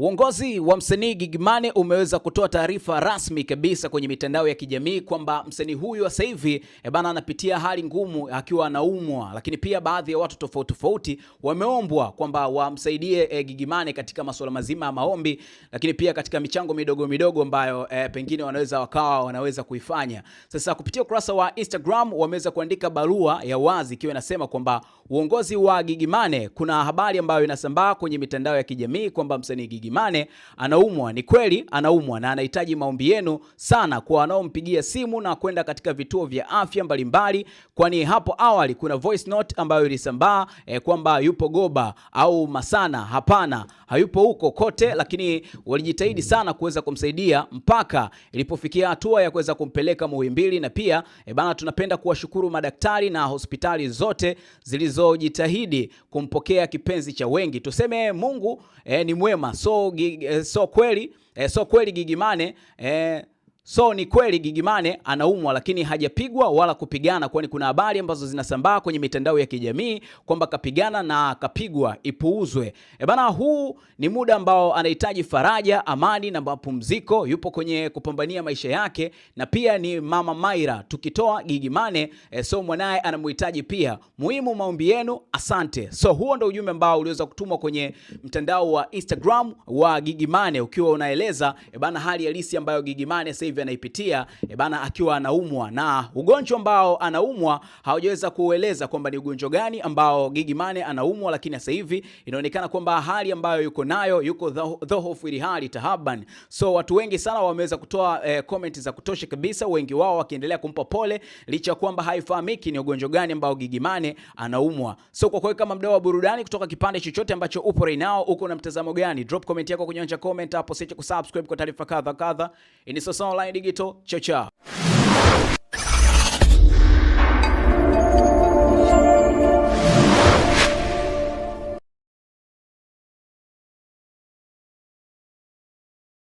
Uongozi wa msanii Gigimane umeweza kutoa taarifa rasmi kabisa kwenye mitandao ya kijamii kwamba msanii huyu sasa hivi e bana anapitia hali ngumu akiwa anaumwa, lakini pia baadhi ya watu tofauti tofauti wameombwa kwamba wamsaidie e, eh, Gigimane katika masuala mazima ya maombi, lakini pia katika michango midogo midogo ambayo e, pengine wanaweza wakawa wanaweza kuifanya. Sasa kupitia ukurasa wa Instagram wameweza kuandika barua ya wazi ikiwa inasema kwamba uongozi wa Gigimane, kuna habari ambayo inasambaa kwenye mitandao ya kijamii kwamba msanii Dimane anaumwa. Ni kweli anaumwa na anahitaji maombi yenu sana kwa wanaompigia simu na kwenda katika vituo vya afya mbalimbali, kwani hapo awali kuna voice note ambayo ilisambaa e, kwamba yupo Goba au Masana. Hapana, hayupo huko kote, lakini walijitahidi sana kuweza kumsaidia mpaka ilipofikia hatua ya kuweza kumpeleka Muhimbili. Na pia e, bana, tunapenda kuwashukuru madaktari na hospitali zote zilizojitahidi kumpokea kipenzi cha wengi. Tuseme Mungu e, ni mwema so so, eh, so kweli eh, so kweli Gigy eh, So ni kweli Gigimane anaumwa lakini hajapigwa wala kupigana, kwani kuna habari ambazo zinasambaa kwenye mitandao ya kijamii kwamba kapigana na kapigwa. Ipuuzwe e bana, huu ni muda ambao anahitaji faraja, amani na mapumziko. Yupo kwenye kupambania maisha yake na pia ni mama Maira. Tukitoa Gigimane e, so mwanaye anamhitaji pia. Muhimu maombi yenu, asante. So huo ndio ujumbe ambao uliweza kutumwa kwenye mtandao wa Instagram wa Gigimane ukiwa unaeleza e bana hali halisi ambayo Gigimane sasa hivi anaipitia e bana, akiwa anaumwa na ugonjwa ambao anaumwa, hawajaweza kueleza kwamba ni ugonjwa gani ambao Gigy Money anaumwa, lakini sasa hivi inaonekana kwamba hali ambayo yuko nayo, yuko dhoofu ili hali tahaban. So watu wengi sana wameweza kutoa e, comment za kutosha kabisa, wengi wao wakiendelea kumpa pole licha kwamba haifahamiki ni ugonjwa gani ambao Gigy Money anaumwa. So kwa kweli kama mdau wa burudani kutoka kipande chochote ambacho upo right now, uko na mtazamo gani? Drop comment yako kwenye anja comment hapo, siache kusubscribe kwa taarifa kadha kadha. Ini sasa online My Digital Ciao, ciao.